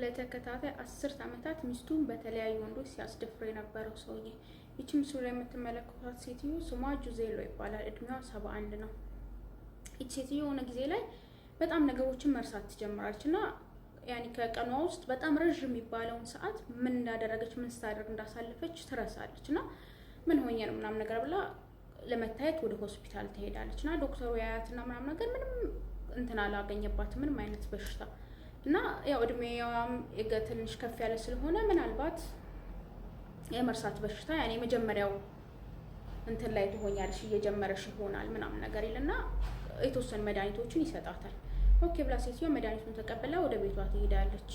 ለተከታታይ አስርት ዓመታት ሚስቱን በተለያዩ ወንዶች ሲያስደፍር የነበረው ሰውዬ። ይቺ ምስሉ ላይ የምትመለከቷት ሴትዮ ስሟ ጁዜሎ ይባላል። እድሜዋ ሰባ አንድ ነው። ይቺ ሴትዮ የሆነ ጊዜ ላይ በጣም ነገሮችን መርሳት ትጀምራለች እና ያኔ ከቀኗ ውስጥ በጣም ረዥም የሚባለውን ሰዓት ምን እንዳደረገች ምን ስታደርግ እንዳሳለፈች ትረሳለች እና ምን ሆኜ ነው ምናምን ነገር ብላ ለመታየት ወደ ሆስፒታል ትሄዳለች እና ዶክተሩ ያያትና ምናምን ነገር ምንም እንትን አላገኘባትም ምንም አይነት በሽታ እና ያው እድሜዋም የገ ትንሽ ከፍ ያለ ስለሆነ ምናልባት የመርሳት በሽታ ያኔ የመጀመሪያው እንትን ላይ ትሆኛለሽ እየጀመረሽ ይሆናል ምናምን ነገር ይልና የተወሰኑ መድኃኒቶችን ይሰጣታል። ኦኬ ብላ ሴትዮ መድኃኒቱን ተቀብላ ወደ ቤቷ ትሄዳለች።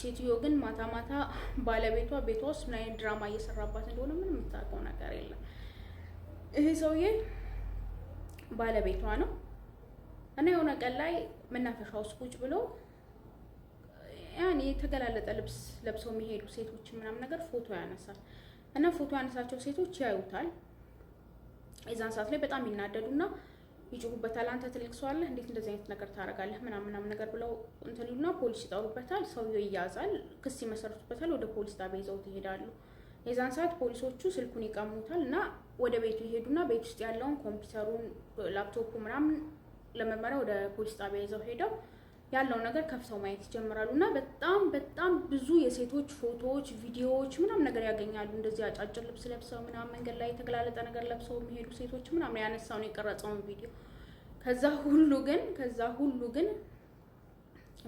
ሴትዮ ግን ማታ ማታ ባለቤቷ ቤቷ ውስጥ ምን አይነት ድራማ እየሰራባት እንደሆነ ምን የምታውቀው ነገር የለም። ይሄ ሰውዬ ባለቤቷ ነው እና የሆነ ቀን ላይ መናፈሻ ውስጥ ቁጭ ብሎ የተገላለጠ ልብስ ለብሰው የሚሄዱ ሴቶች ምናምን ነገር ፎቶ ያነሳል እና ፎቶ ያነሳቸው ሴቶች ያዩታል። የዛን ሰዓት ላይ በጣም ይናደዱና ይጮሁበታል። አንተ ትልቅ ሰው አለህ እንዴት እንደዚህ አይነት ነገር ታደርጋለህ? ምናምን ምናምን ነገር ብለው እንትን ይሉና ፖሊስ ይጠሩበታል። ሰውየው ይያዛል፣ ክስ ይመሰርቱበታል። ወደ ፖሊስ ጣቢያ ይዘውት ይሄዳሉ። የዛን ሰዓት ፖሊሶቹ ስልኩን ይቀሙታል እና ወደ ቤቱ ይሄዱና ቤት ውስጥ ያለውን ኮምፒውተሩን፣ ላፕቶፑ ምናምን ለመመሪያ ወደ ፖሊስ ጣቢያ ይዘው ሄደው ያለው ነገር ከፍተው ማየት ይጀምራሉ እና በጣም በጣም ብዙ የሴቶች ፎቶዎች፣ ቪዲዮዎች ምናምን ነገር ያገኛሉ። እንደዚህ አጫጭር ልብስ ለብሰው ምናምን መንገድ ላይ የተገላለጠ ነገር ለብሰው የሚሄዱ ሴቶች ምናምን ያነሳውን የቀረጸውን ቪዲዮ ከዛ ሁሉ ግን ከዛ ሁሉ ግን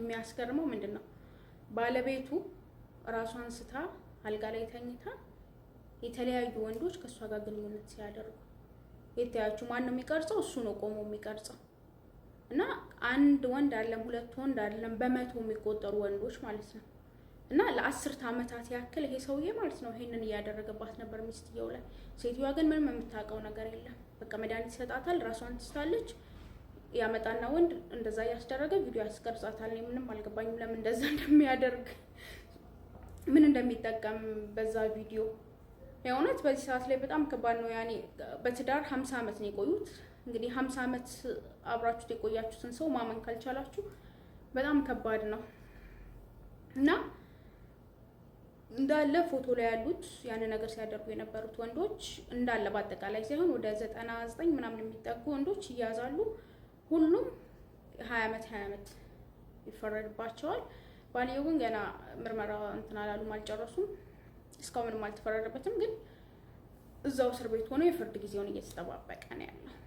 የሚያስገርመው ምንድን ነው ባለቤቱ ራሷን ስታ አልጋ ላይ ተኝታ የተለያዩ ወንዶች ከእሷ ጋር ግንኙነት ሲያደርጉ የተያችሁ ማን ነው የሚቀርጸው? እሱ ነው ቆሞ የሚቀርጸው። እና አንድ ወንድ አለም ሁለት ወንድ አለም በመቶ የሚቆጠሩ ወንዶች ማለት ነው። እና ለአስርት ዓመታት ያክል ይሄ ሰውዬ ማለት ነው ይሄንን እያደረገባት ነበር ሚስትየው ላይ። ሴትዮዋ ግን ምንም የምታውቀው ነገር የለም። በቃ መድኃኒት ይሰጣታል፣ ራሷን ትስታለች። ያመጣና ወንድ እንደዛ እያስደረገ ቪዲዮ ያስቀርጻታል። ምንም አልገባኝም ለምን እንደዛ እንደሚያደርግ ምን እንደሚጠቀም በዛ ቪዲዮ የእውነት በዚህ ሰዓት ላይ በጣም ከባድ ነው። ያኔ በትዳር ሀምሳ ዓመት ነው የቆዩት። እንግዲህ ሀምሳ ዓመት አብራችሁት የቆያችሁትን ሰው ማመን ካልቻላችሁ በጣም ከባድ ነው እና እንዳለ ፎቶ ላይ ያሉት ያን ነገር ሲያደርጉ የነበሩት ወንዶች እንዳለ በአጠቃላይ ሳይሆን ወደ ዘጠና ዘጠኝ ምናምን የሚጠጉ ወንዶች ይያዛሉ። ሁሉም ሀያ ዓመት ሀያ ዓመት ይፈረድባቸዋል። ባልየው ግን ገና ምርመራ እንትን አላሉም፣ አልጨረሱም። እስካሁንም አልተፈረደበትም። ግን እዛው እስር ቤት ሆኖ የፍርድ ጊዜውን እየተጠባበቀ ነው ያለው።